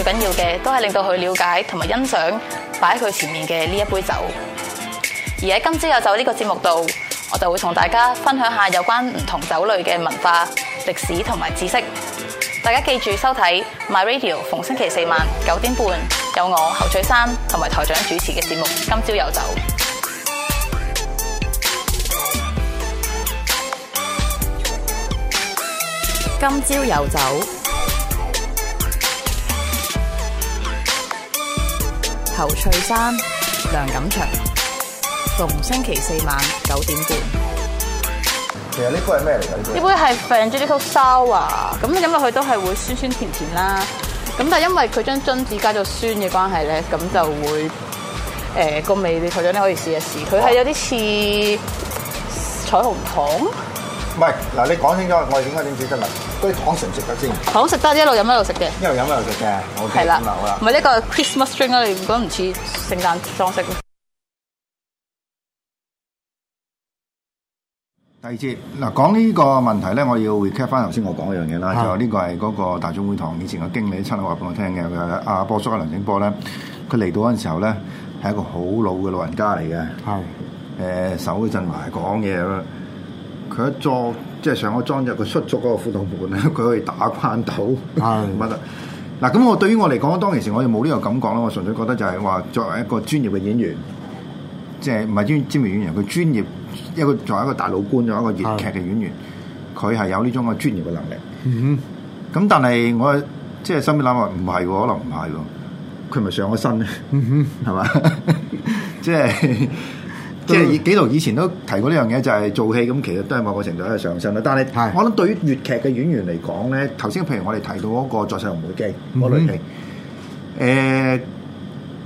最緊要嘅，都係令到佢了解同埋欣賞擺喺佢前面嘅呢一杯酒。而喺今朝有酒呢個節目度，我就會同大家分享下有關唔同酒類嘅文化、歷史同埋知識。大家記住收睇 My Radio，逢星期四晚九點半有我侯翠珊同埋台長主持嘅節目《今朝有酒》。今朝有酒。侯翠山、梁錦祥，逢星期四晚九點半。其實呢杯係咩嚟嘅呢？呢杯係《Frangelico Sour》，咁飲落去都係會酸酸甜甜啦。咁但係因為佢將榛子加咗酸嘅關係咧，咁就會誒個、呃、味試試。你台長你可以試一試，佢係有啲似彩虹糖。唔係，嗱你講清楚，我哋點解點知嘅咧？嗰啲糖食唔食得先？糖食得，一路飲一路食嘅。一路飲一路食嘅，OK。係啦，好啦，OK，唔係一個 Christmas drink 如果唔似聖誕裝飾？第二節嗱，講呢個問題咧，我要 recap 翻頭先，我講一樣嘢啦。就呢個係嗰個大眾會堂以前嘅經理親口話俾我聽嘅，阿波叔阿梁醒波咧，佢嚟到嗰陣時候咧，係一個好老嘅老人家嚟嘅。係。誒手都震埋講嘢咯，佢一,一坐。即係上咗裝入個出租嗰個副導演咧，佢可以打關鬥乜啦？嗱、 嗯，咁我對於我嚟講，當其時我又冇呢個感覺啦，我純粹覺得就係話作為一個專業嘅演員，即係唔係專專業演員，佢專業一個作為一個大老官，作為一個粵劇嘅演員，佢係、嗯、有呢種嘅專業嘅能力。咁、嗯、哼但係我即係心入邊諗話唔係喎，可能唔係喎，佢咪上咗身咧？係嘛？即係。即係幾度以前都提過呢樣嘢，就係、是、做戲咁，其實都係某個程度喺度上身咯。但係是我諗對於粵劇嘅演員嚟講咧，頭先譬如我哋提到嗰、那個再世紅梅記嗰類型，誒，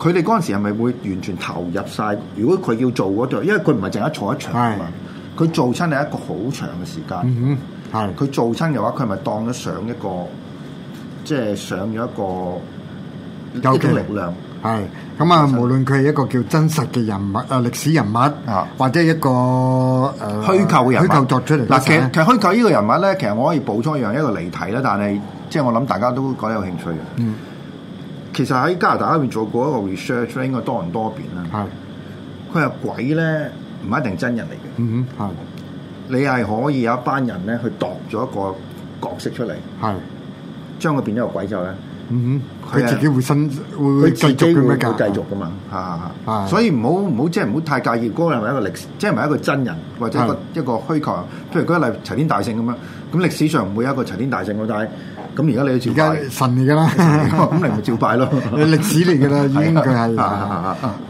佢哋嗰陣時係咪會完全投入晒？如果佢要做嗰度，因為佢唔係淨係坐一場啊嘛，佢是做親係一個好長嘅時間，係佢、嗯、做親嘅話，佢係咪當咗上一個，即係上咗一個啲力量？嗯係咁啊！無論佢係一個叫真實嘅人物，啊歷史人物，啊、或者係一個誒、呃、虛構嘅人物，虛構作出嚟嗱、呃。其實其實虛構呢個人物咧，其實我可以補充一樣一個離題啦。但係即係我諗大家都覺得有興趣嘅。嗯，其實喺加拿大嗰邊做過一個 research，應該多唔多變啦。係是的，佢話鬼咧唔一定真人嚟嘅。嗯哼，你係可以有一班人咧去度咗一個角色出嚟，係是的 將佢變咗個鬼之後咧。嗯，佢自己會信，會繼續咁樣教，會會繼續噶嘛，ね abonn ations 是啊，啊，所以唔好唔好即係唔好太介意，嗰個係咪一個歷史，即係咪一個真人，或者一個是 Hayır. 一個虛構？譬如嗰一例齊天大聖咁啊，咁歷史上唔會有一個齊天大聖喎，但係咁而家你去朝拜神嚟噶啦，咁你咪照拜咯，歷史嚟噶啦，已經佢係，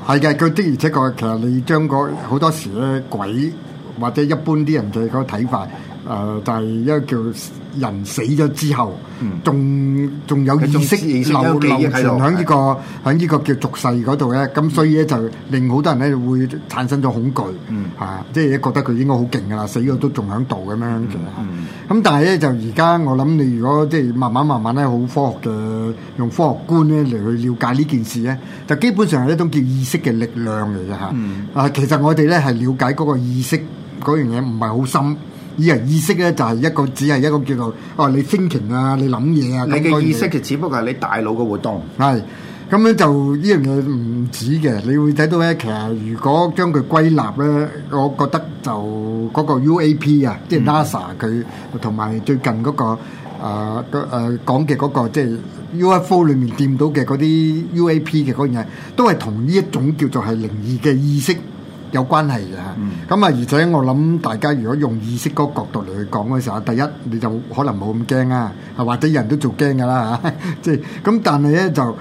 係嘅，佢的而且確，其實你將個好多時咧鬼或者一般啲人對嗰個睇法。誒、呃，就係一個叫人死咗之後，仲仲、嗯、有意識留留傳喺呢、呢個喺呢的個叫俗世嗰度咧。咁所以咧就令好多人咧會產生咗恐懼嚇，即係、嗯啊就是、覺得佢應該好勁噶啦，死咗都仲喺度咁樣嘅。咁、嗯啊、但係咧就而家我諗你如果即係慢慢慢慢咧，好科學嘅用科學觀咧嚟去了解呢件事咧，就基本上係一種叫意識嘅力量嚟嘅嚇。嗯、啊，其實我哋咧係了解嗰個意識嗰樣嘢唔係好深。意人意識咧就係一個只係一個叫做哦，你 thinking 啊，你諗嘢啊。你嘅意識其實只不過係你大腦嘅活動。係咁咧就呢樣嘢唔止嘅，你會睇到咧。其實如果將佢歸納咧，我覺得就嗰個 UAP 啊，即係 NASA 佢同埋最近嗰個啊個誒講嘅嗰個即係 UFO 裏面掂到嘅嗰啲 UAP 嘅嗰樣嘢，都係同呢一種叫做係靈異嘅意識，有關係嘅，咁啊而且我諗大家如果用意識嗰個角度嚟去講嘅時候，第一你就可能冇咁驚啊，啊或者人都做驚噶啦嚇，即係咁，但係咧就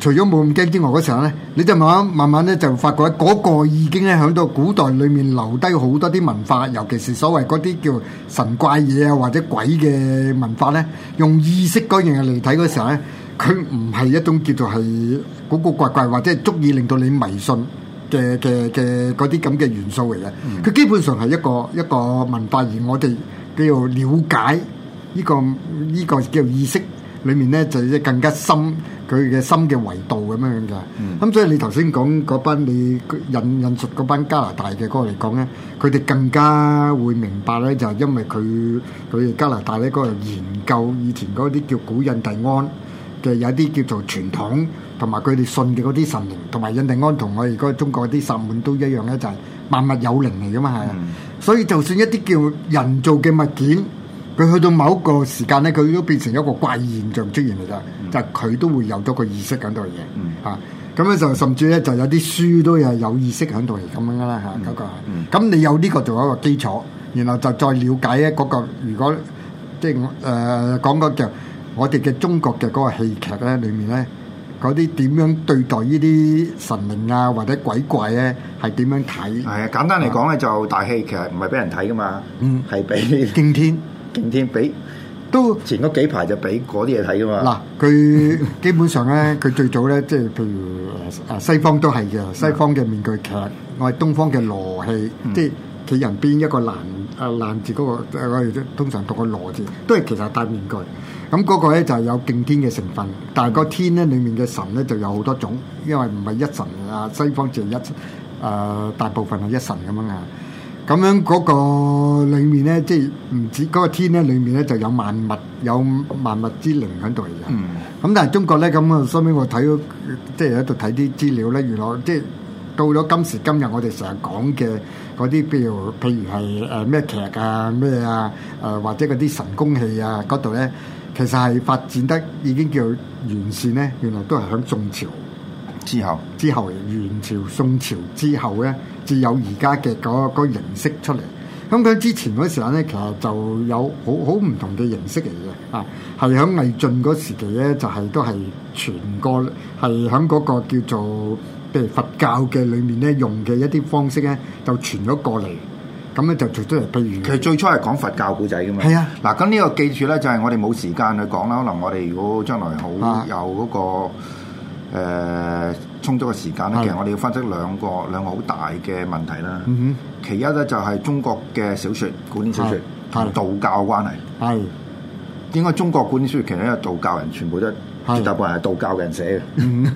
除咗冇咁驚之外，嗰時候咧你就慢慢慢慢咧就發覺嗰個已經咧響到古代裡面留低好多啲文化，尤其是所謂嗰啲叫神怪嘢啊或者鬼嘅文化咧，用意識嗰樣嘢嚟睇嘅時候咧，佢唔係一種叫做係古古怪怪或者足以令到你迷信。嘅嘅嘅嗰啲咁嘅元素嚟嘅，佢基本上係一個一個文化，而我哋叫做瞭解呢個呢個叫做意識裏面咧，就即係更加深佢嘅深嘅維度咁樣樣嘅。咁所以你頭先講嗰班你引引述嗰班加拿大嘅嗰個嚟講咧，佢哋更加會明白咧，就因為佢佢哋加拿大呢個研究以前嗰啲叫古印第安嘅有啲叫做傳統。同埋佢哋信嘅嗰啲神靈，同埋印第安同我哋嗰個中國啲薩滿都一樣咧，就係、是、萬物有靈嚟噶嘛係。嗯、所以就算一啲叫人造嘅物件，佢去到某一個時間咧，佢都變成一個怪現象出現嚟㗎，嗯、就係佢都會有咗個意識喺度嘅嘢。嚇、嗯，咁咧、啊、就甚至咧就有啲書都有有意識喺度係咁樣㗎啦，嚇，嗰咁你有呢個做一個基礎，然後就再了解咧、那、嗰個如果即係誒、呃、講嗰隻我哋嘅中國嘅嗰個戲劇咧裏面咧。嗰啲點樣對待呢啲神靈啊，或者鬼怪咧，係點樣睇？係啊，簡單嚟講咧，就大戲其實唔係俾人睇噶嘛，係俾敬天敬天俾都前嗰幾排就俾嗰啲嘢睇噶嘛。嗱，佢基本上咧，佢最早咧，即係譬如誒西方都係嘅，西方嘅面具劇，我係東方嘅羅戲，即係企人邊一個攬誒攬住嗰個，我哋通常讀個羅字，都係其實戴面具。咁嗰個咧就係有敬天嘅成分，但係個天咧裡面嘅神咧就有好多種，因為唔係一神啊，西方只係一誒、呃，大部分係一神咁樣啊。咁樣嗰個裡面咧，即係唔止嗰、那個天咧裡面咧就有萬物有萬物之靈喺度嚟嘅。咁、嗯、但係中國咧，咁我收尾我睇到，即係喺度睇啲資料咧，原來即係到咗今時今日我，我哋成日講嘅嗰啲譬如譬如係誒咩劇啊咩啊誒、呃、或者嗰啲神功戲啊嗰度咧。其實係發展得已經叫做完善咧，原來都係喺宋朝之後，之後，之後元朝、宋朝之後咧，至有而家嘅個、嗰個形式出嚟。咁佢之前嗰時候咧，其實就有好好唔同嘅形式嚟嘅，啊，係喺魏晉嗰時期咧，就係、係、都係傳過，係喺嗰個叫做譬如佛教嘅裏面咧，用嘅一啲方式咧，就傳咗過嚟。咁咧就絕對係比喻。其實最初係講佛教故仔噶嘛。係啊，嗱咁呢個記住咧，就係、是、我哋冇時間去講啦。可能我哋如果將來好有嗰、那個、啊呃、充足嘅時間咧，的其實我哋要分析兩個兩個好大嘅問題啦。嗯、哼。其一咧就係、是、中國嘅小說、古典小說同的道教嘅關係。係的。點解中國古典小說其實因為道教人全部都絕大部分係道教嘅人寫嘅？嗯，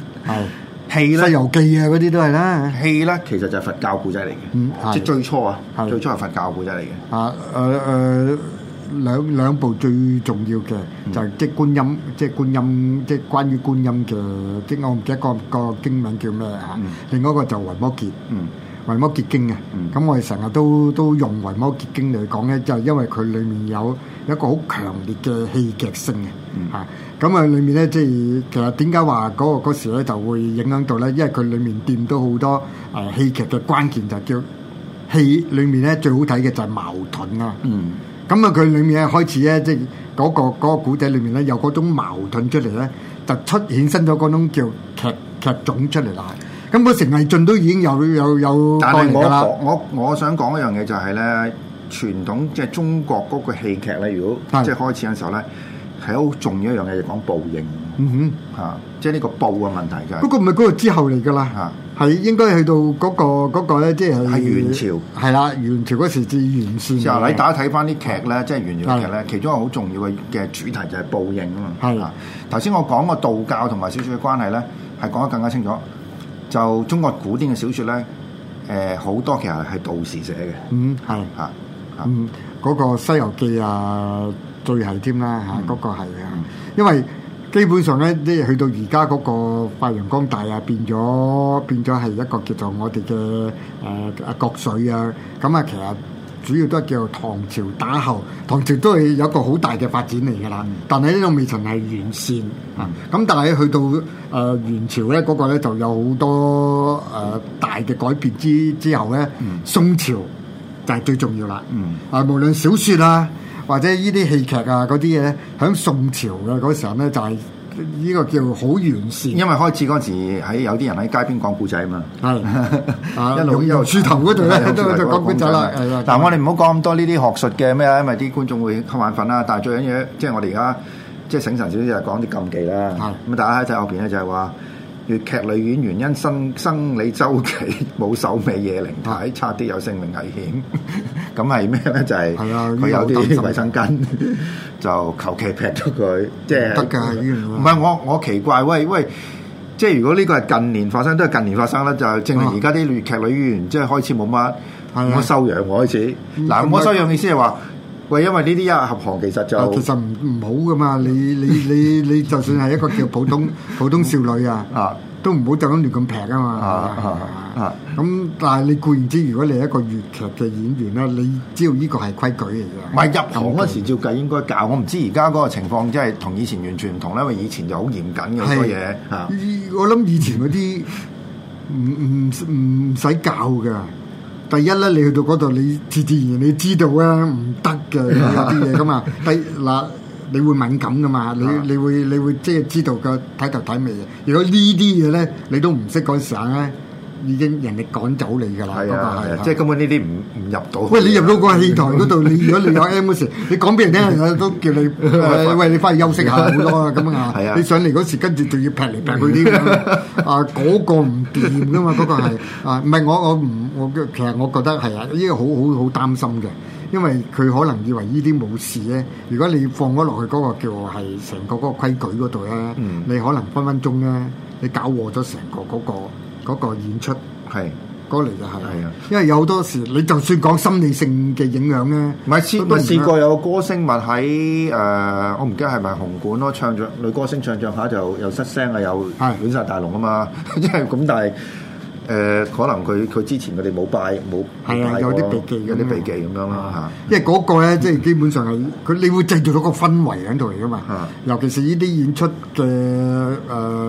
戲、啊、啦，《西遊記》啊，嗰啲都係啦，戲啦，其實就係佛教古仔嚟嘅，嗯、即係最初，的最初啊，最初係佛教古仔嚟嘅。啊、呃，誒誒，兩兩部最重要嘅、嗯、就係即觀音，即、就是、觀音，即、就是、關於觀音嘅經案，即、就、一、是那個、我唔記得、那個經名叫咩啊？嗯、另一個就維傑《維摩詰》。維摩結經啊，咁我哋成日都都用維摩結經嚟講咧，就係因為佢裡面有一個好強烈嘅戲劇性嘅嚇，咁啊，裡面咧即係其實點解話嗰個嗰時咧就會影響到咧？因為佢裡面掂到好多誒戲劇嘅關鍵，就叫戲裡面咧最好睇嘅就係矛盾啦。咁啊，佢裡面開始咧即係嗰個嗰個故仔裡面咧有嗰種矛盾出嚟咧，就出衍生咗嗰種叫劇劇種出嚟啦。根本成毅俊都已經有有有但係我我我想講一樣嘢就係咧，傳統即係中國嗰個戲劇咧，如果即係開始嘅時候咧，係好重要一樣嘢，就講報應。哼，嚇，即係呢個報嘅問題就不過唔係嗰個之後嚟㗎啦，係應該去到嗰個嗰個咧，即係係元朝，係啦，元朝嗰時最完善。之後你大家睇翻啲劇咧，即係元朝嘅劇咧，其中一個好重要嘅嘅主題就係報應啊嘛。係啦，頭先我講個道教同埋少少嘅關係咧，係講得更加清楚。就中國古典嘅小説咧，誒、呃、好多其實係道士寫嘅。嗯，係嚇嚇，嗰個的《西遊記》啊的，最係添啦嚇，嗰個係啊，嗯、因為基本上咧啲去到而家嗰個發揚光大啊，變咗變咗係一個叫做我哋嘅誒國粹啊，咁啊其實。主要都係叫做唐朝打後，唐朝都係有一個好大嘅發展嚟㗎啦。但係呢個未曾係完善啊。咁、嗯、但係去到誒元朝咧，嗰個咧就有好多誒大嘅改變之之後咧，嗯、宋朝就係最重要啦。啊、嗯，無論小説啊，或者呢啲戲劇啊嗰啲嘢，喺宋朝嘅嗰時候咧就係、是。呢個叫好完善。因為開始嗰陣時喺有啲人喺街邊講故仔嘛，的 一路由樹頭嗰度咧都都講故仔啦。但係我哋唔好講咁多呢啲學術嘅咩，因為啲觀眾會瞌眼瞓啦。但係最緊要、就係、即係我哋而家即係醒神少少，就講啲禁忌啦。咁的大家喺喺後邊咧就係話。粵劇女演員因生生理週期冇手尾嘢，靈體差啲有性命危險。咁係咩咧？就係、是、佢有啲執衞生巾，就求其劈咗佢。即係得㗎，唔係我我奇怪，喂喂，即係如果呢個係近年發生，都係近年發生啦，就證明而家啲粵劇女演員即係開始冇乜、嗯、我修養開始。嗱、嗯，我修養意思係話。喂，因為呢啲合行其實就啊，其實唔唔好噶嘛，你你你你，你就算係一個叫普通 普通少女啊，啊，啊，都唔好就咁亂咁劈啊嘛，咁但係你固然之，如果你係一個粵劇嘅演員啦，你知道呢個係規矩嚟㗎。唔係入行嗰時照計應該教，我唔知而家嗰個情況即係同以前完全唔同啦，因為以前就好嚴謹嘅好多嘢。的啊、我諗以前嗰啲唔唔唔使教㗎。第一咧，你去到嗰度，你自自然然你知道啊，唔得嘅有啲嘢噶嘛。 第二，嗱，你會敏感噶嘛， 你會你會你會即係知道個睇頭睇尾啊。如果呢啲嘢咧，你都唔識時候咧。已經人哋趕走你㗎啦，係啊，個係即係根本呢啲唔唔入到。喂，你入到個戲台嗰度， 你如果你有 M 時，你講俾人聽，人都叫你、呃、喂，你翻去休息下好咯。咁啊，你上嚟嗰時跟住仲要劈嚟劈去啲 啊，嗰、嗰個唔掂㗎嘛。嗰個係啊，唔係我我唔我，我，其實我覺得係啊，呢個好好好擔心嘅，因為佢可能以為呢啲冇事咧。如果你放咗落去嗰個叫係成個嗰個規矩嗰度咧，嗯、你可能分分鐘咧，你搞錯咗成個嗰、嗰個。嗰個演出係，嗰嚟就係，係啊，因為有好多時，你就算講心理性嘅影響咧，唔係試，試都試過有個歌星咪喺誒，我唔記得係咪紅館咯，唱著女歌星唱唱下就又失聲啊，是又亂晒大龍啊嘛，即係咁， 但係。誒、呃、可能佢佢之前佢哋冇拜冇係，嗯、啊，有啲避忌，有啲避忌咁樣啦嚇。因為嗰個咧，即係基本上係佢，嗯、你會製造到個氛圍喺度嚟噶嘛。嗯、尤其是呢啲演出嘅誒，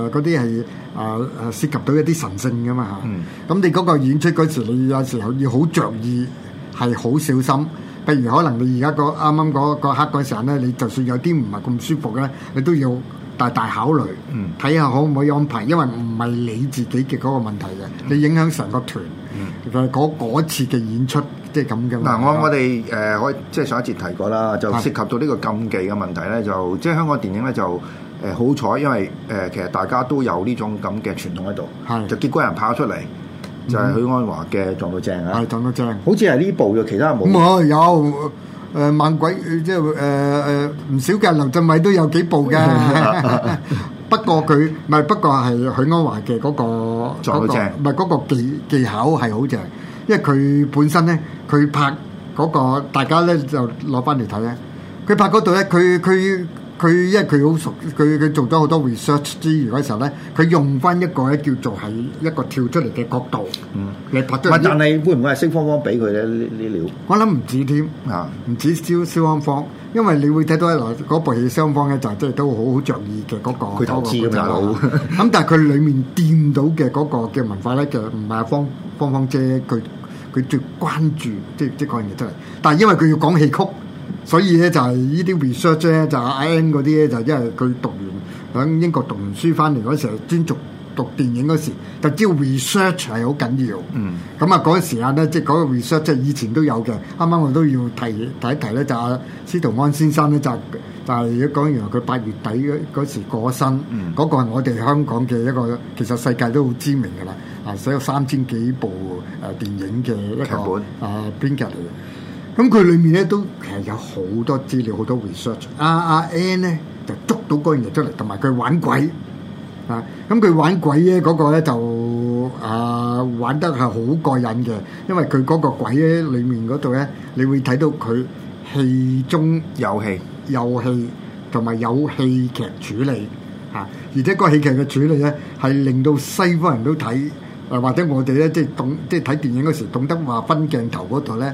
嗰啲係啊，啊涉及到一啲神聖噶嘛嚇。咁、嗯、你嗰個演出嗰時，你有時候要好着意，係好小心。譬如可能你而家嗰啱啱個刻嗰陣時咧，你就算有啲唔係咁舒服咧，你都要。大大考慮，睇下可唔可以安排，因為唔係你自己嘅嗰個問題嘅，你影響成個團。其實嗰嗰次嘅演出即係咁嘅。嗱，我我哋誒可以即係上一節提過啦，就涉及到呢個禁忌嘅問題咧，就即係香港電影咧就誒好彩，呃、因為誒、呃、其實大家都有呢種咁嘅傳統喺度，是就結果有人跑出嚟，嗯、就係許鞍華嘅撞到正啊，撞到正，好似係呢部嘅，其他冇咯，然誒猛、呃、鬼即係誒誒唔少嘅，林振偉都有幾部嘅。 不過佢唔係不過係許鞍華嘅嗰、嗰個，唔係嗰個技技巧係好正，因為佢本身咧，佢拍嗰、嗰個大家咧就攞翻嚟睇咧，佢拍嗰度咧，佢佢。佢因為佢好熟，佢佢做咗好多 research 之餘嗰時候咧，佢用翻一個咧叫做係一個跳出嚟嘅角度，你、嗯、但係會唔會係蕭芳芳俾佢咧？呢呢料？我諗唔止添啊，唔止蕭蕭芳芳，因為你會睇到喺嗰部戲，雙方嘅集真係都好好着意嘅嗰、那個。佢投資大佬。咁、嗯、但係佢裡面掂到嘅嗰個嘅文化咧，就唔係芳芳芳姐佢佢最關注即啲嗰樣嘢出嚟，但係因為佢要講戲曲。所以咧就係呢啲 research 咧就阿 M 嗰啲咧就是，因為佢讀完響英國讀完書翻嚟嗰時係專讀讀電影嗰時就知 research 係好緊要。嗯。咁啊嗰陣時啊咧即係嗰個 research 即係以前都有嘅。啱啱我都要提提，提一提咧就阿，啊、司徒安先生咧就是、就係、是、講完佢八月底嗰嗰時過咗身。嗯。嗰個係我哋香港嘅一個其實世界都好知名嘅啦。3, 本啊，寫咗三千幾部誒電影嘅一本，啊編劇嚟？咁佢裡面咧都其實有好多資料，好多 research、啊。阿、啊、Ann 咧就捉到嗰樣嘢出嚟，同埋佢玩鬼啊！咁佢玩鬼咧嗰個咧就啊玩得係好過癮嘅，因為佢嗰個鬼咧裡面嗰度咧，你會睇到佢戲中有戲、有戲同埋有，有戲劇處理啊！而且個戲劇嘅處理咧係令到西方人都睇、啊，或者我哋咧即係懂即係睇電影嗰時懂得話分鏡頭嗰度咧。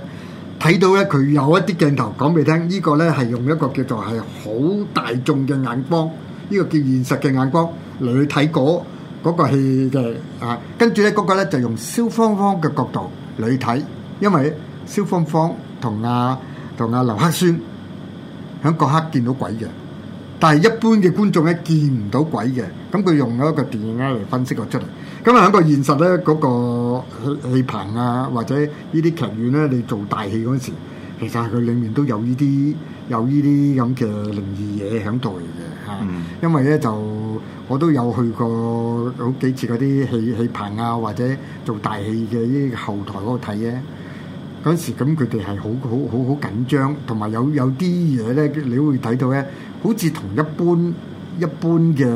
睇到咧，佢有一啲鏡頭講俾你聽，呢個咧係用一個叫做係好大眾嘅眼光，呢個叫現實嘅眼光嚟去睇過嗰個戲嘅啊。跟住咧嗰個咧就用蕭芳芳嘅角度嚟睇，因為蕭芳芳同阿同阿劉克宣喺嗰刻見到鬼嘅。但係一般嘅觀眾咧見唔到鬼嘅，咁佢用咗一個電影機嚟分析咗出嚟。咁啊喺個現實咧嗰、嗰個戲棚啊，或者劇呢啲劇院咧，你做大戲嗰陣時，其實佢裡面都有呢啲有呢啲咁嘅靈異嘢喺度嚟嘅嚇。啊嗯、因為咧就我都有去過好幾次嗰啲戲戲棚啊，或者做大戲嘅呢啲後台嗰度睇嘅。嗰時咁佢哋係好好好好緊張，同埋有有啲嘢咧，你會睇到咧，好似同一般一般嘅誒、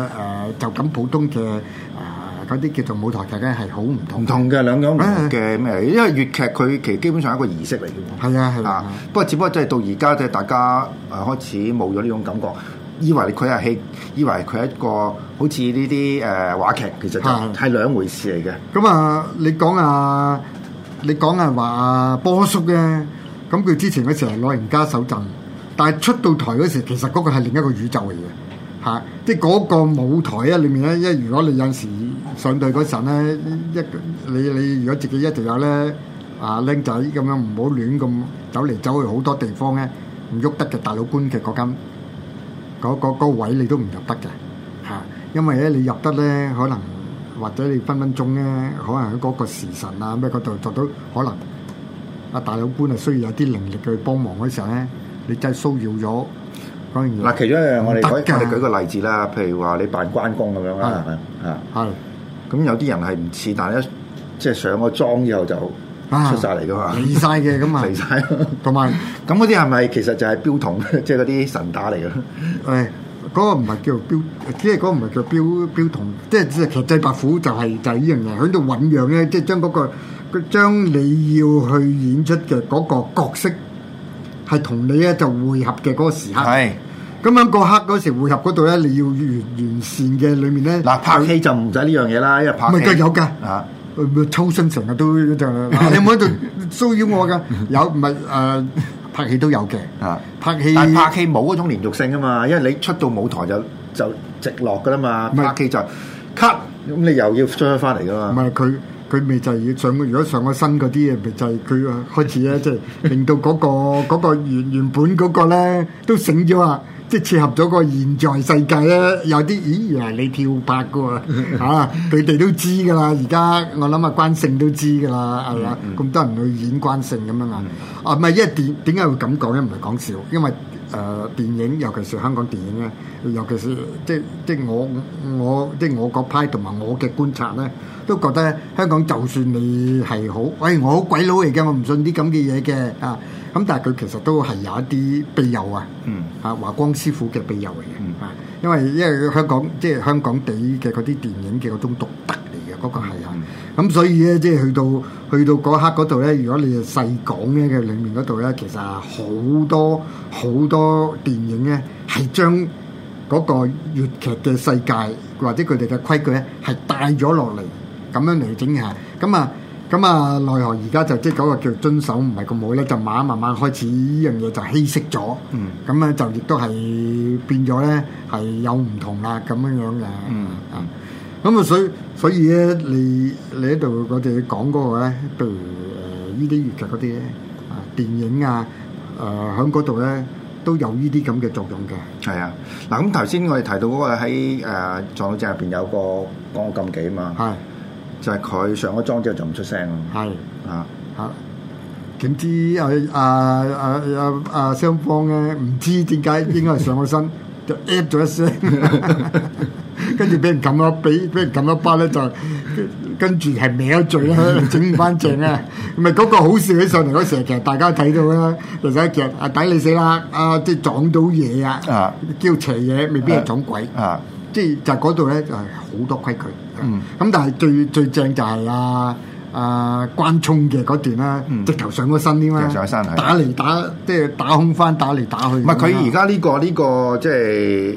呃，就咁普通嘅誒嗰啲叫做舞台劇咧，係好唔同唔同嘅兩樣嘅咩？啊、因為粵劇佢其實基本上係一個儀式嚟嘅，係啊係啊。啊啊不過只不過即係到而家即係大家誒開始冇咗呢種感覺，以為佢係戲，以為佢係一個好似呢啲誒話劇，其實就係兩回事嚟嘅。咁啊，你講啊～ 啊你講係話波叔咧、啊，咁佢之前嗰時係老人家手震，但係出到台嗰時，其實嗰個係另一個宇宙嚟嘅，嚇、啊！即嗰個舞台啊，裡面咧，因為如果你有時上台嗰陣咧，一你你如果自己一直有咧，啊僆仔咁樣唔好亂咁走嚟走去好多地方咧，唔喐得嘅，大佬官嘅嗰間嗰個位你都唔入得嘅，嚇、啊！因為咧你入得咧可能。或者你分分鐘咧，可能喺嗰個時辰啊咩嗰度做到可能阿大佬官啊需要有啲靈力去幫忙嗰時候咧，你真係騷擾咗。講完嗱，其中一樣我哋可以我哋舉個例子啦，譬如話你扮關公咁樣啊啊，咁有啲人係唔似，但係一即係上咗妝之後就出晒嚟噶嘛，離曬嘅咁啊，離晒。同埋咁嗰啲係咪其實就係標童，即係嗰啲神打嚟嘅？誒，嗰個唔係叫做標。即係講，唔係叫表表同，即係其實《制白虎》就係就係呢樣嘢，喺度醖釀咧，即係將嗰、嗰個，將你要去演出嘅嗰個角色，係同你咧就匯合嘅嗰個時刻。係咁樣個刻嗰時匯合嗰度咧，你要完完善嘅裏面咧。嗱、啊、拍戲就唔使呢樣嘢啦，因為拍唔係有㗎啊，抽身成日都就 你冇喺度騷擾我㗎，有唔係啊拍戲都有嘅啊拍戲，啊、拍戲冇嗰種連續性啊嘛，因為你出到舞台就就。直落噶啦嘛，是卡 cut 咁你又要將佢翻嚟噶嘛？唔係佢佢咪就係上如果上咗身嗰啲嘢，咪就係佢啊開始咧、嗰個 嗰個，即係令到嗰個嗰個原原本嗰個咧都醒咗啊！即係切合咗個現在世界咧，有啲咦原來、啊、你跳拍噶喎佢哋都知噶啦，而家我諗啊關勝都知噶啦，係咪咁多人去演關勝咁樣 啊？唔係因為點點解會咁講咧？唔係講笑，因為。誒、呃、電影，尤其是香港電影咧，尤其是即即我我即我嗰派同埋我嘅觀察咧，都覺得香港就算你係好，喂我好鬼佬嚟嘅，我唔信啲咁嘅嘢嘅啊，咁但係佢其實都係有一啲庇佑啊，嗯啊華光師傅嘅庇佑嚟、啊、嘅，啊，因為因為香港即香港地嘅嗰啲電影嘅嗰種獨特。嗰個係啊，咁所以咧，即係去到去到嗰刻嗰度咧，如果你係細講咧嘅裏面嗰度咧，其實係好多好多電影咧，係將嗰個粵劇嘅世界或者佢哋嘅規矩咧，係帶咗落嚟咁樣嚟整下咁啊咁啊，奈何而家就即係嗰個叫遵守唔係咁好咧，就慢慢慢慢開始呢樣嘢就稀釋咗。嗯，咁樣就亦都係變咗咧，係有唔同啦咁樣樣嘅。嗯啊。咁啊，所以所以咧，你你喺度我哋講嗰個咧，譬如誒呢啲粵劇嗰啲啊，電影啊，誒喺嗰度咧都有呢啲咁嘅作用嘅。係啊，嗱咁頭先我哋提到嗰個喺誒藏鏡入邊有個講禁忌啊嘛，係、啊、就係佢上咗妝之後就唔出聲啦。係啊啊！點知啊啊啊啊啊，啊，啊雙方咧、啊、唔知點解應該係上咗身就 at 咗一聲。 跟住俾人撳咯，俾俾人撳一巴咧，就跟住係歪咗嘴啦，整唔翻正啊！咪嗰個好笑起上嚟嗰時，其實大家睇到啦，或者其實啊抵你死啦！啊即撞到嘢啊，叫邪嘢，未必係撞鬼啊！即就嗰度咧就係好多規矩。嗯，咁但係最最正就係阿阿關沖嘅嗰段啦，直頭上個身添啦，上個身打嚟打即打空翻，打嚟打去。唔係佢而家呢個呢個即係。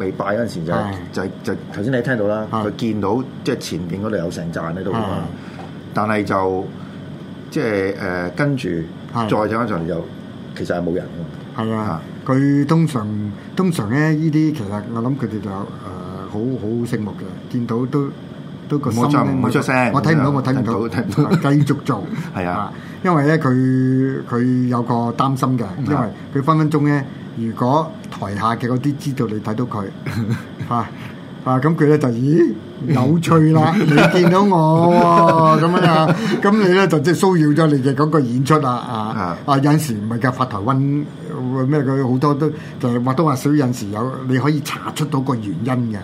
未拜嗰陣時的就就就頭先你聽到啦，佢的見到即係、就是、前邊嗰度有成陣喺度嘛，的但係就即係誒跟住再走一陣又，其實係冇人嘅。係啊，佢通常通常呢呢啲其實我諗佢哋就誒好好醒目嘅，見到都。唔好出聲，唔好出聲。我睇唔到，我睇唔到，睇唔到，繼續做。係啊，因為咧，佢佢有個擔心嘅，因為佢分分鐘咧，如果台下嘅嗰啲知道你睇到佢，嚇啊，咁佢咧就咦有趣啦！你見到我咁樣啊？咁你咧就即係騷擾咗你嘅嗰個演出啊啊啊！有陣時唔係嘅發台瘟，咩佢好多都或多或少。有陣時有你可以查出到個原因嘅，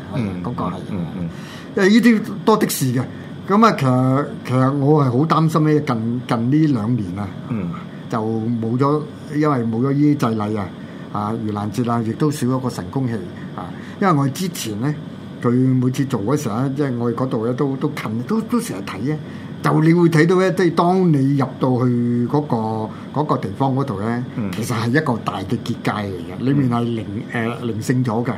嗰個係。嗯嗯。誒呢啲多的事嘅，咁啊，其實其實我係好擔心咧，近近呢兩年啊，嗯、就冇咗，因為冇咗呢啲祭禮啊，啊盂蘭節啊，亦都少咗個神功戲啊，因為我之前咧，佢每次做嗰時咧，即係我哋嗰度咧都都近，都都成日睇嘅。就你會睇到咧，即係當你入到去嗰個嗰個地方嗰度咧，其實係一個大嘅結界嚟嘅，裏面係靈誒靈性咗嘅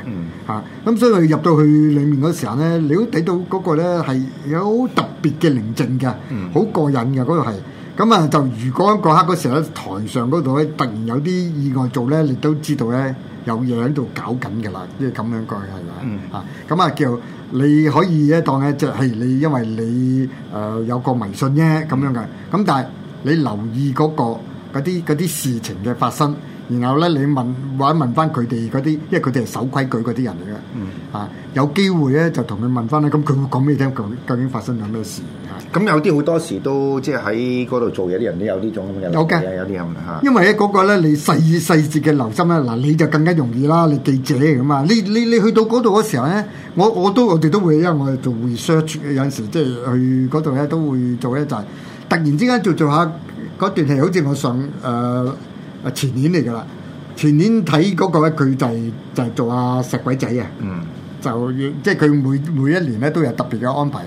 嚇。咁所以入到去裡面嗰時候咧，你都睇到嗰個咧係有好特別嘅寧靜嘅，好過癮嘅嗰度係。咁啊，就如果嗰刻嗰時候咧，台上嗰度咧突然有啲意外做咧，你都知道咧有嘢喺度搞緊㗎啦，即係咁樣講係咪啊？咁啊叫。你可以一當係一隻係你，因為你誒有個迷信啫咁樣嘅。咁但係你留意嗰、嗰個嗰啲嗰啲事情嘅發生。然後咧，你問或者問翻佢哋嗰啲，因為佢哋係守規矩嗰啲人嚟嘅，嗯、啊有機會咧就同佢問翻咧，咁、嗯、佢會講俾你聽，究竟發生咗咩事？嚇、啊，咁、嗯、有啲好多時都即係喺嗰度做嘢啲人都有呢種咁樣嘅，okay, 有啲有啲咁嘅因為咧嗰、嗰個咧，你細細節嘅留心咧，嗱你就更加容易啦。你記者嚟噶嘛？你你你，你去到嗰度嗰時候咧，我我都我哋都會，因為我哋做 research 有陣時即係去嗰度咧都會做咧，就係突然之間做做下嗰段係好似我上誒。呃呃呃啊！前年嚟噶啦，前年睇嗰個咧，佢就係就係做阿石鬼仔啊！嗯，就即係佢每每一年咧都有特別嘅安排，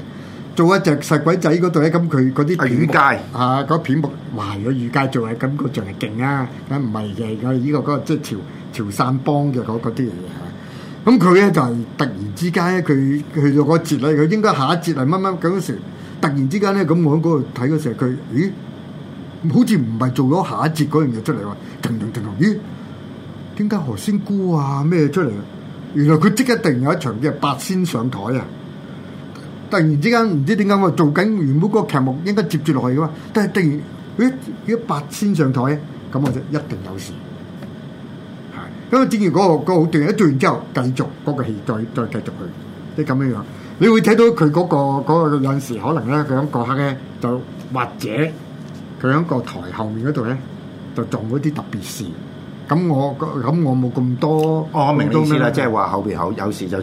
做一隻石鬼仔嗰度咧，咁佢嗰啲阿雨啊，嗰片幕哇，如果雨佳做、那個、啊，咁嗰、那個那個、就係勁啊！咁唔係嘅，我、那、依個嗰個即係潮潮汕幫嘅嗰啲嘢嚇。咁佢咧就係突然之間咧，佢去到個節咧，佢應該下一節係乜乜嗰時，突然之間咧，咁我喺嗰度睇嗰時，佢咦？好似唔係做咗下一節嗰樣嘢出嚟喎，停停停停咦？點、呃、解何，何仙姑啊咩出嚟？原來佢即刻定有一場嘅八仙上台啊！突然之間唔知點解我做緊原本嗰個劇目應該接住落去嘅嘛，但係突然咦八、欸、仙上台，咁我就一定有事。係，咁啊做完嗰個好段，一、嗰個、做完之後繼續嗰、嗰個戲再再繼續去，即咁樣樣。你會睇到佢嗰、嗰個嗰、嗰個陣時可能咧，佢咁過下咧就或者。佢喺個台後面嗰度咧，就撞到啲特別事。咁我咁我冇咁多，我明意思啦，啊、即係話後邊有有時就。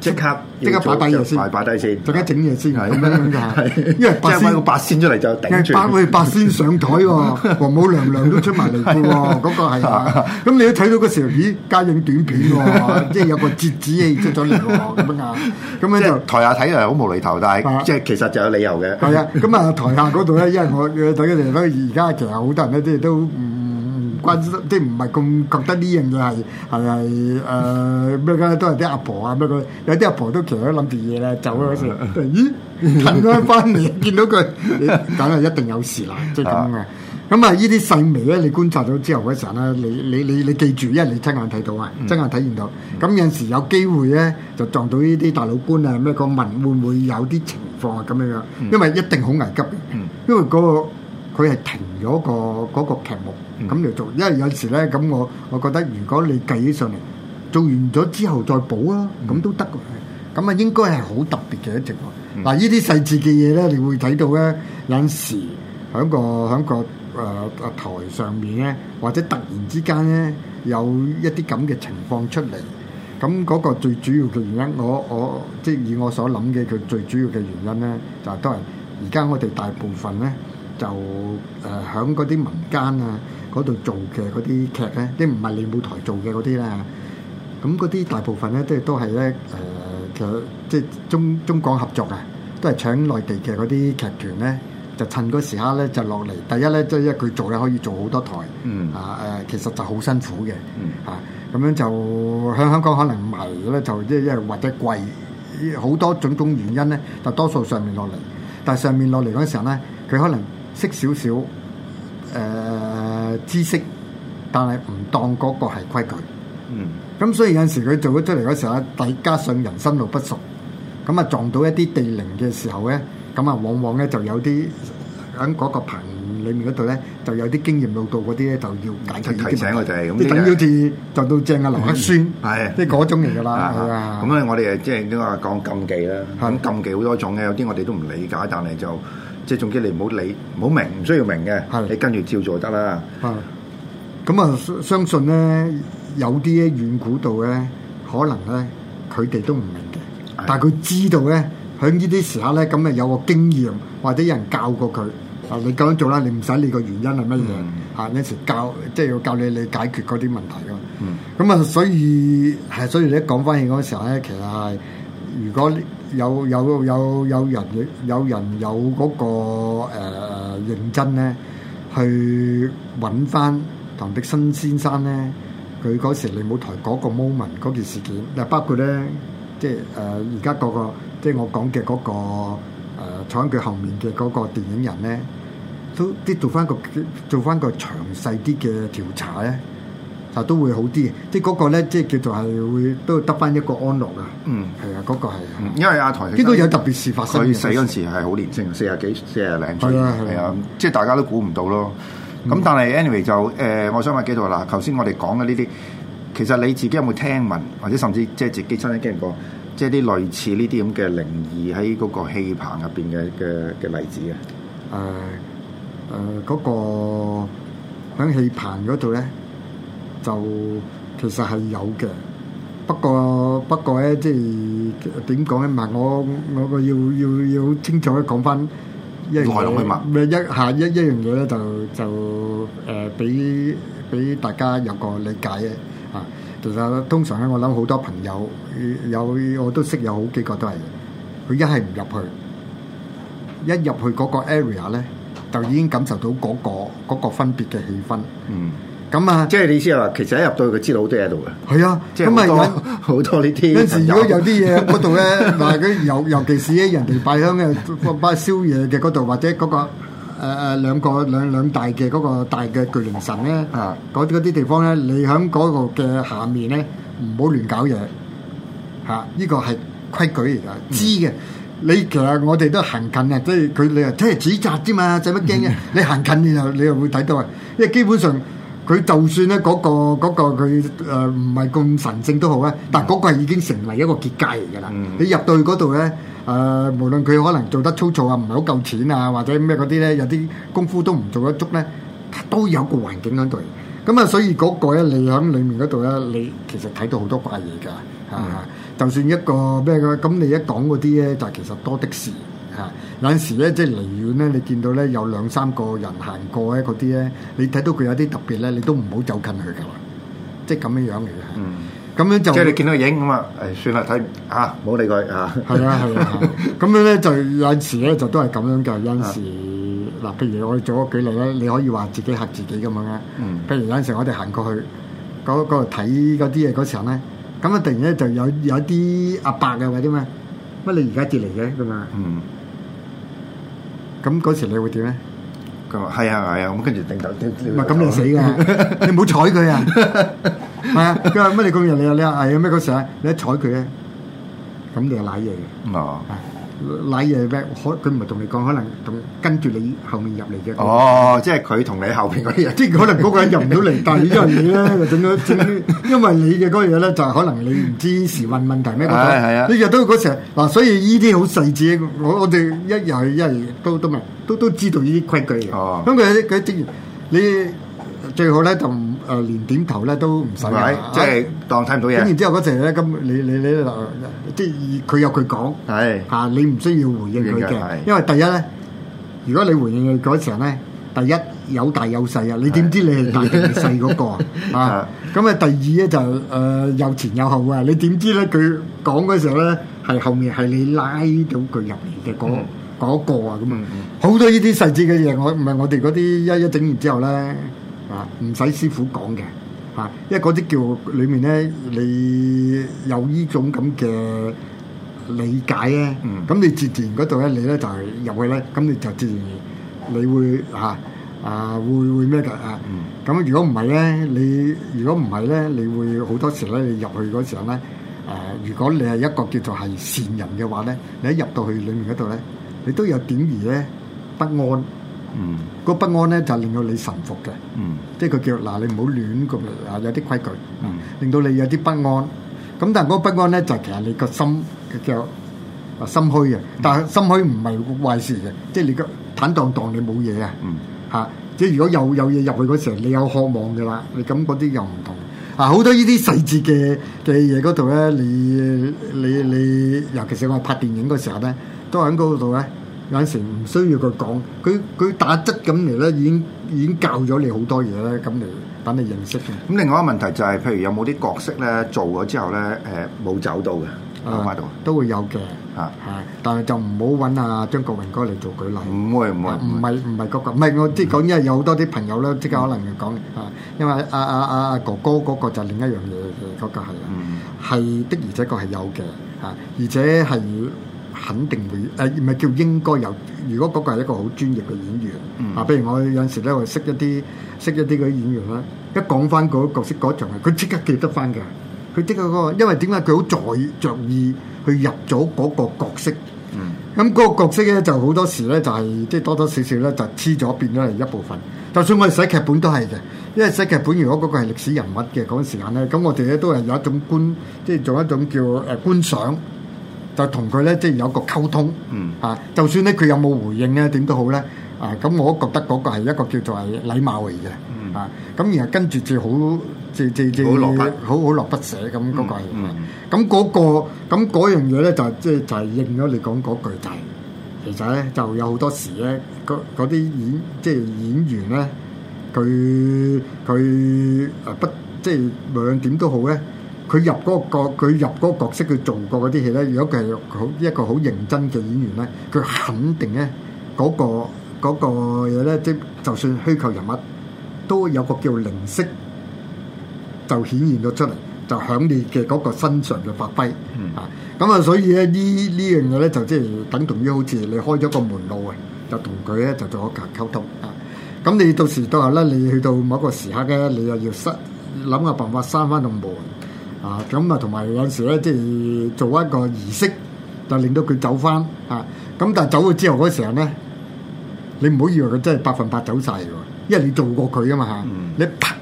即刻即刻擺低又先，擺低先，即刻整嘢先係咁樣噶，因為即係揾個八仙出嚟就頂住。一班喂，八仙上台喎，王母娘娘都出埋嚟嘅喎，嗰個係。咁你都睇到嗰時，咦？加影短片喎，即係有個折紙嘢出咗嚟喎，咁樣。咁樣就台下睇嚟好無厘頭，但係即係其實就有理由嘅。係啊，咁啊台下嗰度咧，因為我睇嘅地方而家其實好多人咧，啲都唔即係唔係咁覺得呢樣嘢係係係誒咩嘅？都係啲阿婆啊咩個，有啲阿婆、婆都其實都諗住嘢咧，走嗰時 咦，行開翻嚟見到佢，梗係一定有事啦， 即係咁樣嘅。咁啊，呢啲細微咧，你觀察到之後嗰陣咧，你你你你，你記住，因為你親眼睇到啊，嗯、親眼體驗到。咁、嗯嗯、有陣時有機會咧，就撞到呢啲大老倌啊咩個民會唔會有啲情況啊咁樣？因為一定好危急，因為嗰、嗰個。嗯嗯佢係停咗個嗰個劇目咁嚟做，因為有時咧咁我我覺得如果你計起上嚟，做完咗之後再補啊，咁都得。咁啊應該係好特別嘅一隻喎。嗱，呢啲細緻嘅嘢咧，你會睇到咧，有時喺個喺個誒台上面咧，或者突然之間咧有一啲咁嘅情況出嚟，咁嗰個最主要嘅原因，我我即係以我所諗嘅佢最主要嘅原因咧，就都係而家我哋大部分咧。就誒響嗰啲民間啊，嗰度做嘅嗰啲劇咧，啲唔係利舞台做嘅嗰啲咧，咁嗰啲大部分咧都都係咧誒，即、呃、係中中港合作啊，都係請內地嘅嗰啲劇團咧，就趁嗰時刻咧就落嚟。第一咧，即係因為佢做咧可以做好多台，嗯啊誒，其實就好辛苦嘅，嗯啊咁樣就喺香港可能唔係咧，就即係因為或者貴，好多種種原因咧，就多數上面落嚟，但係上面落嚟嗰陣時候咧，佢可能。識少少誒知識，但係唔當嗰個係規矩。嗯，咁所以有陣時佢做咗出嚟嗰時候，再加上人生路不熟，咁啊撞到一啲地靈嘅時候咧，咁啊往往咧就有啲喺嗰個棚裡面嗰度咧，就有啲經驗老道嗰啲咧，就要提醒提醒佢就係咁。即係等好似就到正啊劉克孫係即係嗰種嚟㗎啦。係啊，咁咧我哋誒即係點講啊？講禁忌啦。禁忌好多種嘅，有啲我哋都唔理解，但係就。即係總之，你唔好理，唔好明，唔需要明嘅。係，你跟住照做得啦。係。咁啊，相信咧有啲咧遠古度咧，可能咧佢哋都唔明嘅。係。但係佢知道咧，喺呢啲時候咧，咁啊有個經驗，或者有人教過佢。啊，你咁樣做啦，你唔使理個原因係乜嘢。嗯。啊，有時教即係要教你你解決嗰啲問題㗎嘛。咁啊，所以係，所以你講翻起嗰個時候咧，其實係如果，有有有有人有人有嗰個誒認真咧，去揾翻唐滌生先生咧，佢嗰時利舞台嗰個 moment 嗰件事件，嗱包括咧，即係誒而家嗰個，即係我講嘅嗰個誒坐喺佢後面嘅嗰個電影人咧，都啲做翻個做翻個詳細啲嘅調查咧。但都會好啲嘅，即係嗰個咧，即係叫做係會都得返一個安樂啊！嗯，係啊，嗰個係。因為阿台，呢個有特別事發生。佢死嗰陣時係好年輕，四十幾四十零歲。係啊係啊，即係大家都估唔到咯。咁但係 anyway 就誒，我想問幾多嗱？頭先我哋講嘅呢啲，其實你自己有冇聽聞，或者甚至即係自己親身經歷過，即係啲類似呢啲咁嘅靈異喺嗰個戲棚入邊嘅嘅嘅例子啊？誒誒，嗰個喺戲棚嗰度咧。就其實係有嘅，不過不過咧，即係點講咧？唔係，我我個要要要好清楚講翻一樣嘢，咩一下一一樣嘢咧？就就誒，俾俾大家有個理解嘅啊！其實通常咧，我諗好多朋友有我都識有好幾個都係佢，一係唔入去，一入去嗰個 area 咧，就已經感受到嗰個嗰個分別嘅氣氛。嗯。咁啊，即係你意思係話，其實一入到佢知道好多嘢喺度嘅。係啊，咁啊有好多呢啲。有時如果有啲嘢嗰度咧，嗱，佢尤尤其是啲人哋拜香嘅，拜宵夜嘅嗰度或者嗰個誒誒兩個兩兩大嘅嗰個大嘅巨靈神咧，啊，嗰啲地方咧，你喺嗰度嘅下面咧，唔好亂搞嘢吓，呢個係規矩嚟噶，知嘅。你其實我哋都行近啊，即係佢你啊，即係指責啫嘛，使乜驚啊？你行近然後你又會睇到啊，因為基本上。佢就算咧，嗰個，嗰個佢誒唔係咁神聖都好咧，但嗰個已經成為一個結界嚟㗎啦。嗯、你入到去嗰度咧，誒、呃、無論佢可能做得粗糙啊，唔係好夠錢啊，或者咩嗰啲咧，有啲功夫都唔做得足咧，都有個環境喺度。咁啊，所以嗰個咧，你喺裡面嗰度咧，你其實睇到好多怪嘢㗎。嗯、啊，就算一個咩嘅，咁你一講嗰啲咧，就係，其實多的士。嚇、啊。有陣時咧，即係離遠咧，你見到咧有兩三個人行過咧，嗰啲咧，你睇到佢有啲特別咧，你都唔好走近佢噶，即係咁樣樣嚟嘅。嗯，咁樣就即係你見到影咁啊？誒，算啦，睇唔啊，冇理佢啊。係啦，係啦。咁樣咧就有陣時咧就都係咁樣嘅。有陣時嗱，譬如我哋做個舉例咧，你可以話自己嚇自己咁樣嘅。譬如有陣時我哋行過去嗰度睇嗰啲嘢嗰時候咧，咁啊突然咧就有有啲阿伯嘅或者咩？乜你而家接嚟嘅啫嘛？嗯。咁嗰、嗯、時你會點咧？佢話係啊係啊，我、啊嗯、跟住定頭掉。唔係咁你死㗎、 啊 啊，你唔好睬佢啊！係啊，佢話乜你咁人哋啊你啊係咩嗰時咧？你一睬佢咧，咁你就賴嘢嘅。哦。拉嘢搲，可佢唔係同你講，可能同跟住你後面入嚟嘅。哦，即係佢同你後面嗰啲人，即係 可能嗰個人入唔到嚟，但係呢樣嘢咧， 就咁樣，因為你嘅嗰樣咧就係、是、可能你唔知時運問題咩？係係啊，呢 日都嗰時嗱，所以呢啲好細緻，我我哋一入去一入去都都咪都都知道呢啲規矩哦，咁佢佢嗰啲職員，你最好咧就。唔。誒連點頭咧都唔使、啊，即係、Right, 當睇唔到嘢。咁、啊、然之後嗰陣咧，咁你你你誒，即係佢有佢講，係嚇 Right.、啊、你唔需要回應佢嘅，Right. 因為第一咧，如果你回應佢嗰陣咧，第一有大有細啊，你點知你係大定係細嗰個啊？咁 Right. 啊， 嗯、第二咧就誒、是、有、呃、前有後啊，你點知咧佢講嗰時候咧係後面係你拉到佢入嚟嘅嗰個啊？咁啊，好多呢啲細節嘅嘢，我唔係我哋嗰啲一一整完之後咧。呢啊！唔使師傅講嘅，嚇、啊，因為嗰啲叫裡面咧，你有呢種咁嘅理解咧，咁、嗯、你自然嗰度咧，你咧就入去咧，咁你就自然你會嚇啊會會咩㗎啊？咁、啊啊嗯啊、如果唔係咧，你如果唔係咧，你會好多時咧，你入去嗰時候咧，誒、啊，如果你係一個叫做係善人嘅話咧，你一入到去裡面嗰度咧，你都有點兒咧不安。嗯，個不安咧就係、令到你神服嘅，嗯、即係佢叫嗱你唔好亂咁啊，有啲規矩，嗯、令到你有啲不安。咁但係嗰不安咧就係、其實你個心嘅叫啊心虛嘅。但係心虛唔係壞事嘅，即係你個坦蕩蕩你冇嘢、嗯、啊。嚇！即係如果有有嘢入去嗰時候，你有渴望嘅你咁嗰啲又唔同啊！好多呢啲細節嘅嘅嘢嗰度咧，你你你，你，尤其是我拍電影嗰時候咧，都喺嗰度咧。眼神唔需要佢講，佢佢打質咁嚟咧，已經已經教咗你好多嘢咧。咁嚟等你認識嘅。咁另外一個問題就係、是，譬如有冇啲角色咧，做咗之後咧，誒冇走到嘅，喺度、啊。都會有嘅。嚇係、啊啊，但係就唔好揾阿張國榮哥嚟做舉例。唔會唔會，唔係唔係嗰個，唔係我即講，因為有好多啲朋友咧，即刻可能講嚇，因為阿阿阿哥哥嗰個就另一樣嘢嘅，嗰、那個係，係、嗯、的而且確係有嘅，嚇，而且係。肯定會誒，唔係叫應該有。如果嗰個係一個好專業嘅演員，啊，譬如我有陣時咧，我識一啲識一啲嗰啲演員咧，一講翻嗰角色嗰場戲，佢即刻記得翻嘅。佢即刻嗰個，因為點解佢好在意著意去入咗嗰個角色。咁嗰個角色咧，就好多時咧，就係即多多少少咧，就黐咗變咗係一部分。就算我哋寫劇本都係嘅，因為寫劇本如果嗰個係歷史人物嘅嗰陣時間咧，咁我哋咧都係有一種觀，即係做一種叫誒觀賞。就同佢咧，即係有個溝通嚇。就算咧佢有冇回應咧，點都好咧。啊，咁、呃啊、我覺得嗰個係一個叫做係禮貌嚟嘅。啊，咁、啊、然後跟住就好，好就就好落筆寫咁嗰個。咁嗰個，咁嗰樣嘢咧，就即、是、係就係應咗你講嗰句就係、是。其實咧，就有好多時咧，嗰啲演即係演員咧，佢佢不即係兩點都好咧。佢入嗰個角，佢入嗰個角色，佢做過嗰啲戲咧。如果佢係好一個好認真嘅演員咧，佢肯定咧嗰、嗰個嗰、嗰個嘢咧，即就算虛構人物，都有個叫靈識，就顯現咗出嚟，就響你嘅嗰個身上嘅發揮。嗯、啊，咁啊，所以咧呢呢樣嘢咧就即係等同於好似你開咗個門路啊，就同佢咧就做一個溝通啊。咁、啊啊、你到時到下咧，你去到某一個時刻咧，你又要生諗個辦法閂翻個門。啊，咁啊，同埋有時咧，即係做一個儀式，就令到佢走翻啊。咁但係走咗之後嗰時候咧，你唔好以為佢真係百分百走晒，因為你做過佢啊嘛嚇，嗯、你啪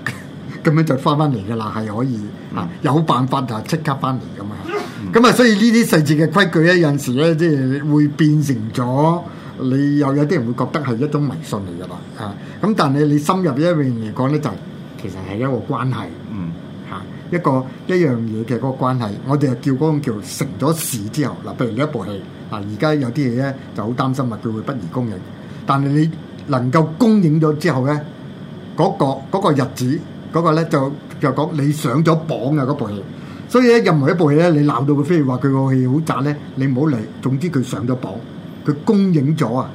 咁樣就翻翻嚟嘅啦，係可以啊，嗯、有辦法就即刻翻嚟咁啊。咁啊，所以呢啲細節嘅規矩咧，有陣時咧，即係會變成咗你又有啲人會覺得係一種迷信嚟嘅啦啊。咁但係你深入呢一面嚟講咧，就係、其實係一個關係。一個一樣嘢嘅嗰個關係，我哋係叫嗰種叫成咗事之後，嗱，譬如你一部戲，啊，而家有啲嘢咧就好擔心啊，佢會不宜公映，但係你能夠公映咗之後咧，嗰、嗰個嗰個日子嗰、嗰個咧就就講你上咗榜啊嗰部戲，所以咧任何一部戲咧你鬧到佢飛如話佢個戲好渣咧，你唔好理。總之佢上咗榜，佢公映咗啊，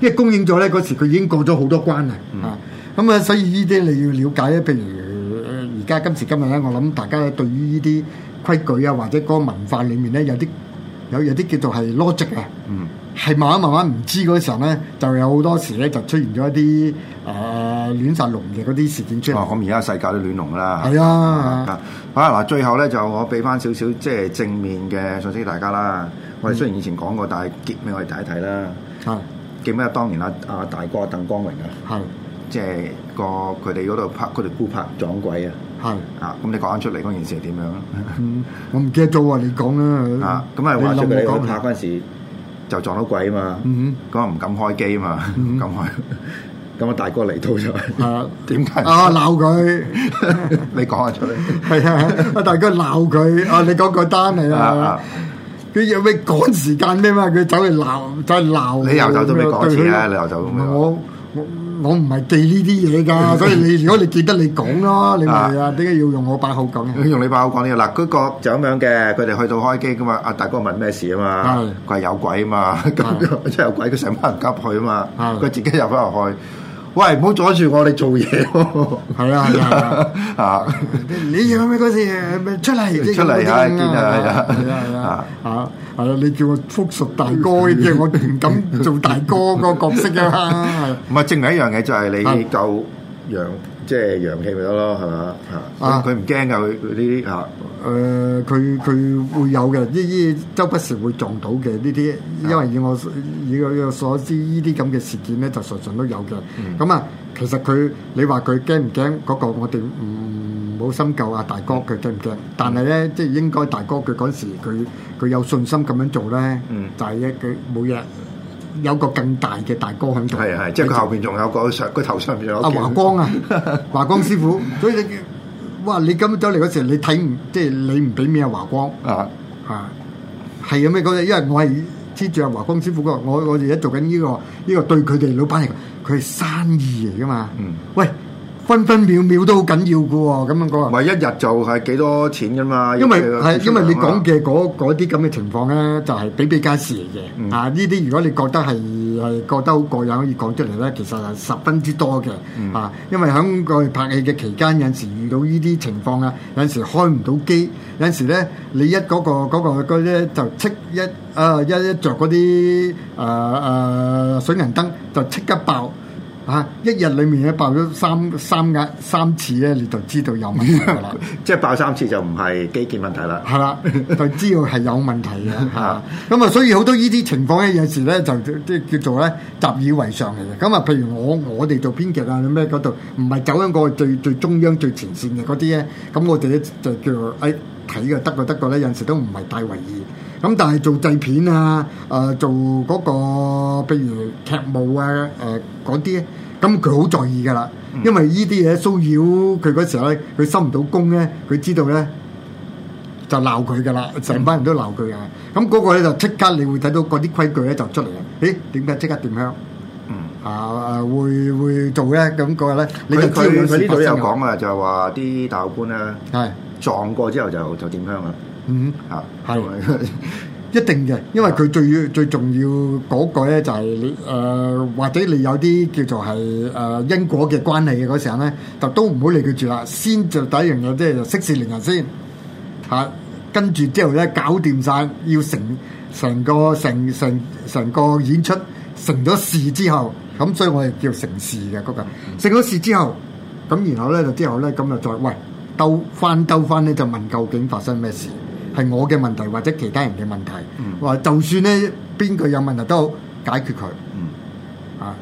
因為公映咗咧嗰時佢已經過咗好多關啊，咁、嗯、啊，所以呢啲你要了解咧，譬如。而家今時今日咧，我諗大家對於呢啲規矩啊，或者嗰個文化裏面咧，有啲有有啲叫做係 logic 啊，係、嗯、慢慢慢慢唔知嗰時候咧，就有好多時咧就出現咗一啲啊亂殺龍嘅嗰啲事件出嚟。哦、啊，咁而家世界都亂龍啦。係啊！啊嗱、啊，最後咧就我俾翻少少即係正面嘅信息大家啦。我哋雖然以前講過，但係結尾我哋睇一睇啦、嗯，記唔記得啊？啊！結尾啊，當年啊啊大哥鄧光榮啊，即係個佢哋嗰度拍佢哋僕拍撞鬼啊！係啊，咁你講返出嚟嗰件事係點樣咧？我唔記得到喎，你講啦。啊，咁啊，話你講拍嗰陣時就撞到鬼嘛。嗯，咁啊唔敢開機嘛，咁開。咁啊大哥嚟到咗。啊，點解？啊鬧佢，你講下出嚟。係啊，我大哥鬧佢。啊，你講個單嚟啊。佢有咩趕時間咩嘛？佢走去鬧，走去鬧。你又走都未講次啊！你又走都未。我我。我唔係記呢啲嘢㗎， 所以你如果你記得你講咯，你話啊點解要用我把口講嘅、啊？用你把口講嘅嗱，嗰、啊嗰個就咁樣嘅，佢哋去到開機噶嘛，阿、啊、大哥問咩事啊嘛，佢係的有鬼啊嘛，咁即係有鬼，佢想班人急去啊嘛，佢的自己入翻入去。喂，唔好阻住我哋做嘢咯！係 啊，吧啊！你養咩嗰時出嚟，出嚟啊！見啊，係啊，係啊，啊，係啦！你叫我副屬大哥即係， 我哋唔敢做大哥個角色啊！唔係、啊， 正係一樣嘢就係、是、你夠養，即係陽氣咪得咯，係咪？嚇、啊！咁佢唔驚㗎，佢佢呢啲嚇。誒，佢佢會有嘅，呢呢周不時會撞到嘅呢啲。因為以我以我所知，呢啲咁嘅事件咧，就常常都有嘅。咁、嗯、啊，其實佢你話佢驚唔驚嗰個我？我哋唔冇深究阿大哥佢驚唔驚？但係咧，即係、嗯、應該大哥佢嗰時，佢佢有信心咁樣做咧，嗯、就係一佢冇嘢。有個更大嘅大哥喺度，係係是，做即係佢後邊仲有個上個頭上面有阿華、啊、光啊，華 光師傅，所以你哇，你咁走嚟嗰時候，你睇唔即係你唔俾面阿華光啊啊，係有咩嗰啲？因為我係黐住阿華光師傅、這個，我我而家做緊呢個呢個對佢哋老闆嚟講，佢係生意嚟噶嘛，嗯，喂。分分秒秒都好緊要㗎喎，咁樣講。唔係一日就係幾多錢㗎嘛？因為係因為你講嘅嗰嗰啲咁嘅情況咧，就係比比皆是嚟嘅。啊，呢啲如果你覺得係係覺得好過癮可以講出嚟咧，其實係十分之多嘅。啊，因為喺我哋拍戲嘅期間，有時遇到呢啲情況啊，有時開唔到機，有時咧你一嗰個嗰個嗰咧就即一啊一一著嗰啲啊啊水銀燈就即刻爆。啊！一日裡面咧爆咗三三壓三次咧，你就知道有問題。 即係爆三次就唔係基建問題啦。係啦，就知道係有問題嘅。嚇！咁啊，所以好多呢啲情況咧，有時咧就即係叫做咧習以為常嚟嘅。咁啊，譬如我我哋做編劇啊，咩嗰度唔係走緊嗰個最最中央最前線嘅嗰啲咧，咁我哋咧就叫做、哎睇嘅得過得過咧，有陣時都唔係大為意。咁但係做製片啊，誒做嗰個，譬如劇務啊，誒嗰啲，咁佢好在意噶啦。因為呢啲嘢騷擾佢嗰時候咧，佢收唔到工咧，佢知道咧就鬧佢噶啦。成班人都鬧佢啊。咁嗰個咧就即刻，你會睇到嗰啲規矩咧就出嚟啦。咦？點解即刻點樣？嗯啊誒，會會做咧咁講咧。佢佢佢呢組有講啊，就係話啲大澳官啦，係。撞過之後就就點樣啦？嗯，嚇，係一定嘅，因為佢最、啊、最重要嗰個咧就係、是、誒、呃，或者你有啲叫做係誒因果嘅關係嘅嗰時候咧，就都唔好理佢住啦。先做第一樣嘢，即係息事寧人先嚇、啊，跟住之後咧搞掂晒，要成成個成成成，成個演出成咗事之後，咁所以我哋叫成事嘅嗰、嗰個成咗事之後，咁然後咧就之後咧咁就再喂。鬥翻鬥翻咧，就問究竟發生咩事？係我嘅問題，或者其他人嘅問題？話、嗯、就算咧，邊個有問題都好，解決佢。嗯、啊，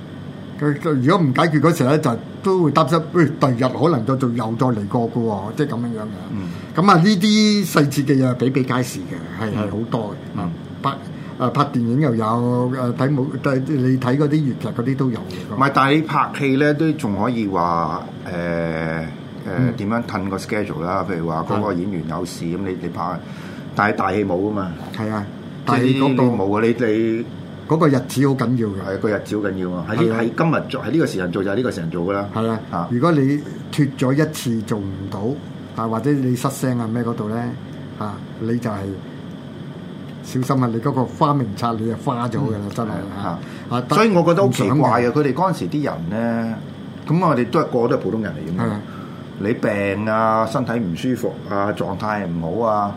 佢如果唔解決嗰時咧，就都會擔心，誒、哎，第二日可能就再仲又再嚟過嘅喎，即係咁樣樣嘅。咁啊、嗯，呢啲細節嘅嘢比比皆是嘅，係係好多嘅。嗯、拍誒、啊、拍電影又有誒睇武，你睇嗰啲粵劇嗰啲都有嘅。唔係、嗯，但係你拍戲咧都仲可以話誒。呃誒點、呃、樣褪個 schedule 啦？譬如話嗰個演員有事咁、啊，你你拍，但係大戲冇啊嘛。係啊，大戲嗰度冇啊！你哋嗰個日子好緊要嘅，係、啊，個日子好緊要是啊！喺喺今日做，喺呢個時間做就係呢個時間做㗎啦。係啦、啊、是啊、如果你脫咗一次做唔到，啊或者你失聲啊咩嗰度咧，嚇你就係、是、小心啊！你嗰個花名冊你就花咗㗎啦，真係嚇。所以我覺得好想奇怪嘅，佢哋嗰陣時啲人咧，咁我哋都係個個都係普通人嚟嘅。你病啊，身體唔舒服啊，狀態唔好啊，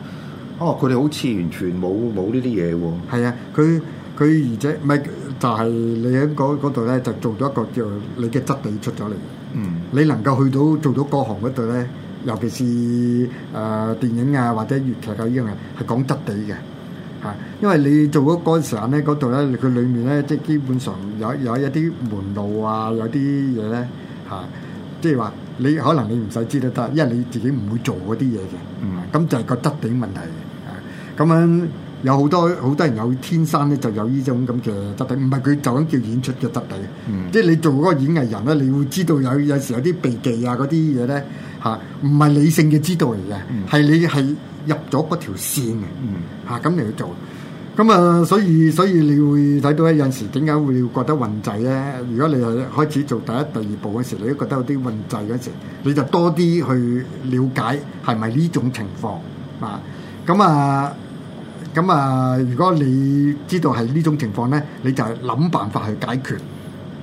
哦，佢哋好似完全冇冇呢啲嘢喎。係啊，佢佢、啊、而且咪就係、是、你喺嗰度咧，就做咗一個叫你嘅質地出咗嚟。嗯，你能夠去到做到各行嗰度咧，尤其是誒、呃、電影啊或者粵劇啊，呢樣嘢，係講質地嘅嚇、啊。因為你做咗嗰陣時咧，嗰度咧佢裡面咧即係基本上有有一啲門路啊，有啲嘢咧嚇，即係話。就是你可能你唔使知都得，因為你自己唔會做嗰啲嘢嘅。嗯，咁就係個質地問題。啊，咁樣有好多好多人有天生咧就有呢種咁嘅質地，唔係佢就咁叫演出嘅質地。嗯、即係你做嗰個演藝人咧，你會知道有有時有啲避忌啊嗰啲嘢咧嚇，唔、啊、係理性嘅知道嚟嘅，係你係入咗嗰條線嘅。嗯，嚇咁你、嗯啊、你去做。咁啊，所以所以你會睇到有陣時點解會覺得混滯咧？如果你係開始做第一、第二步嗰時候，你都覺得有啲混滯嗰時候，你就多啲去了解係咪呢種情況啊？咁啊，咁啊，如果你知道係呢種情況咧，你就係諗辦法去解決。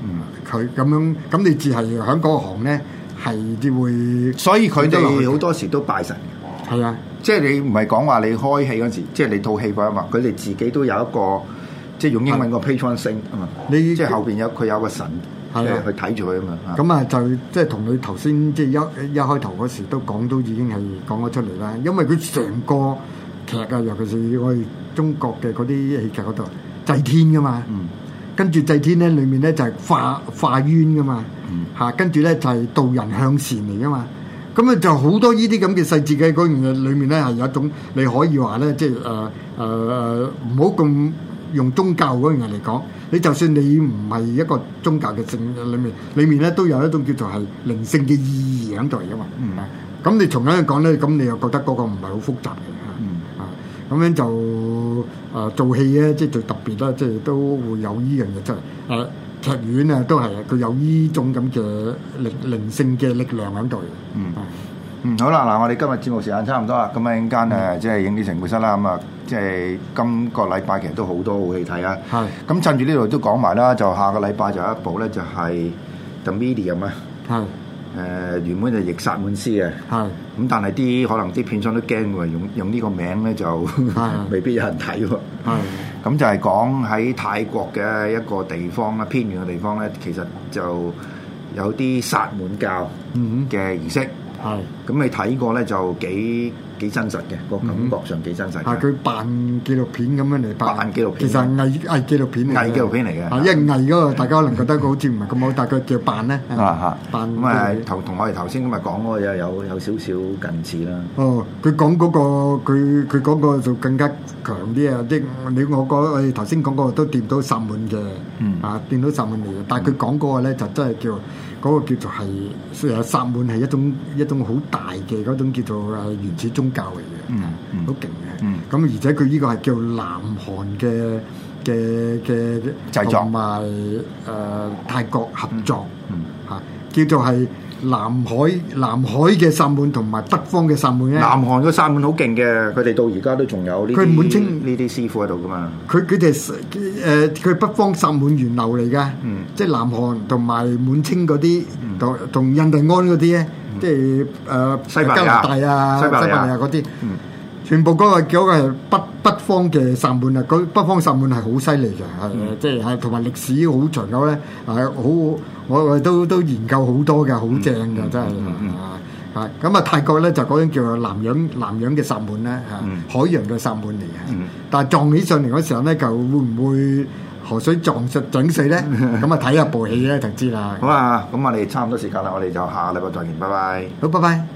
嗯，佢咁樣，咁你只係響嗰行咧，係至會。所以佢哋好多時都拜神。係、哦、啊。即係你唔係講話你開戲嗰時，即係你套戲嗰一幕，佢哋自己都有一個，即係用英文個 patron saint 啊嘛，即係後邊有佢有個神，即的去睇住佢啊嘛。咁啊的，的就即係同佢頭先即係一一開頭嗰時都講都已經係講咗出嚟啦。因為佢成個劇啊，尤其是我哋中國嘅嗰啲戲劇嗰度，祭天噶嘛。嗯。跟住祭天咧，裡面咧就係化化冤噶嘛。嗯。嚇，跟住咧就係道人向善嚟噶嘛。咁啊，就好多呢啲咁嘅細節嘅嗰樣嘢裏面咧，係有一種你可以話咧、呃，即係誒誒誒，唔好咁用宗教嗰樣嘢嚟講。你就算你唔係一個宗教嘅性，嘅裏面，裏面咧都有一種叫做係靈性嘅意義喺度嚟嘅嘛。嗯咁、嗯嗯、你從嗰樣講咧，咁你又覺得嗰個唔係好複雜嘅嗯啊，咁樣、嗯嗯、就誒做、呃、戲咧，即、就、係、是、最特別啦，即、就、係、是、都會有呢樣嘢出嚟啊。嗯劇院啊，都係啊，佢有呢種咁嘅靈靈性嘅力量喺度。嗯嗯，好啦，嗱，我哋今日節目時間差唔多啦，咁陣間啊，即係影啲成員出啦。咁啊，即係今個禮拜其實都好多好戲睇啊。係。咁趁住呢度都講埋啦，就下個禮拜就有一部咧，就係《The Medium》。係。誒、呃、原本就逆薩滿師嘅，咁的但係啲可能啲片商都驚喎，用用呢個名咧就 未必有人睇喎。咁的 的就係講喺泰國嘅一個地方啦，偏遠嘅地方咧，其實就有啲薩滿教嘅儀式。咁你睇過咧就幾幾真實嘅，個感覺上幾真實，係佢扮紀錄片咁樣嚟拍，其實係偽偽紀錄片，偽紀錄片嚟嘅。因為偽嗰個大家可能覺得佢好似唔係咁好，但係佢叫扮咧，啊扮咩？啊！同我哋頭先咁啊講，有有有少少近似啦。哦，佢講嗰個佢佢講個就更加強啲啊！啲你我講，我哋頭先講個都掂到十滿薩滿嘅，啊，掂到薩滿嚟嘅。但係佢講嗰個咧就真係叫嗰個叫做係誒薩滿係一種一種好大嘅嗰種叫做原始中。教嚟嘅，嗯，好勁嘅，嗯，咁而且佢呢個係叫南韓嘅嘅嘅製作，同埋誒泰國合作，嗯，吓叫做係南海南海嘅薩滿，同埋北方嘅薩滿咧。南韓嘅薩滿好勁嘅，佢哋到而家都仲有呢。佢滿清呢啲師傅喺度噶嘛？佢佢哋係誒，佢係北方薩滿源流嚟噶，嗯，即係南韓同埋滿清嗰啲，同同、嗯嗯、印第安嗰啲咧。即係、呃、西加拿大啊、西拿大啊嗰啲，嗯、全部嗰個叫係北北方嘅薩滿啊，嗰北方薩滿係好犀利嘅，係即係同埋歷史好長久咧，係好我我都都研究好多嘅，好正嘅真係的啊！嚇咁啊，泰國咧就嗰種叫做南洋南洋嘅薩滿咧嚇，海洋嘅薩滿嚟嘅，但係撞起上嚟嗰時候咧就會唔會，會？河水撞實整死咧，咁啊，睇下部戲咧就知啦。好啊，咁我哋差唔多時間啦，我哋就下禮拜再見，拜拜。好，拜拜。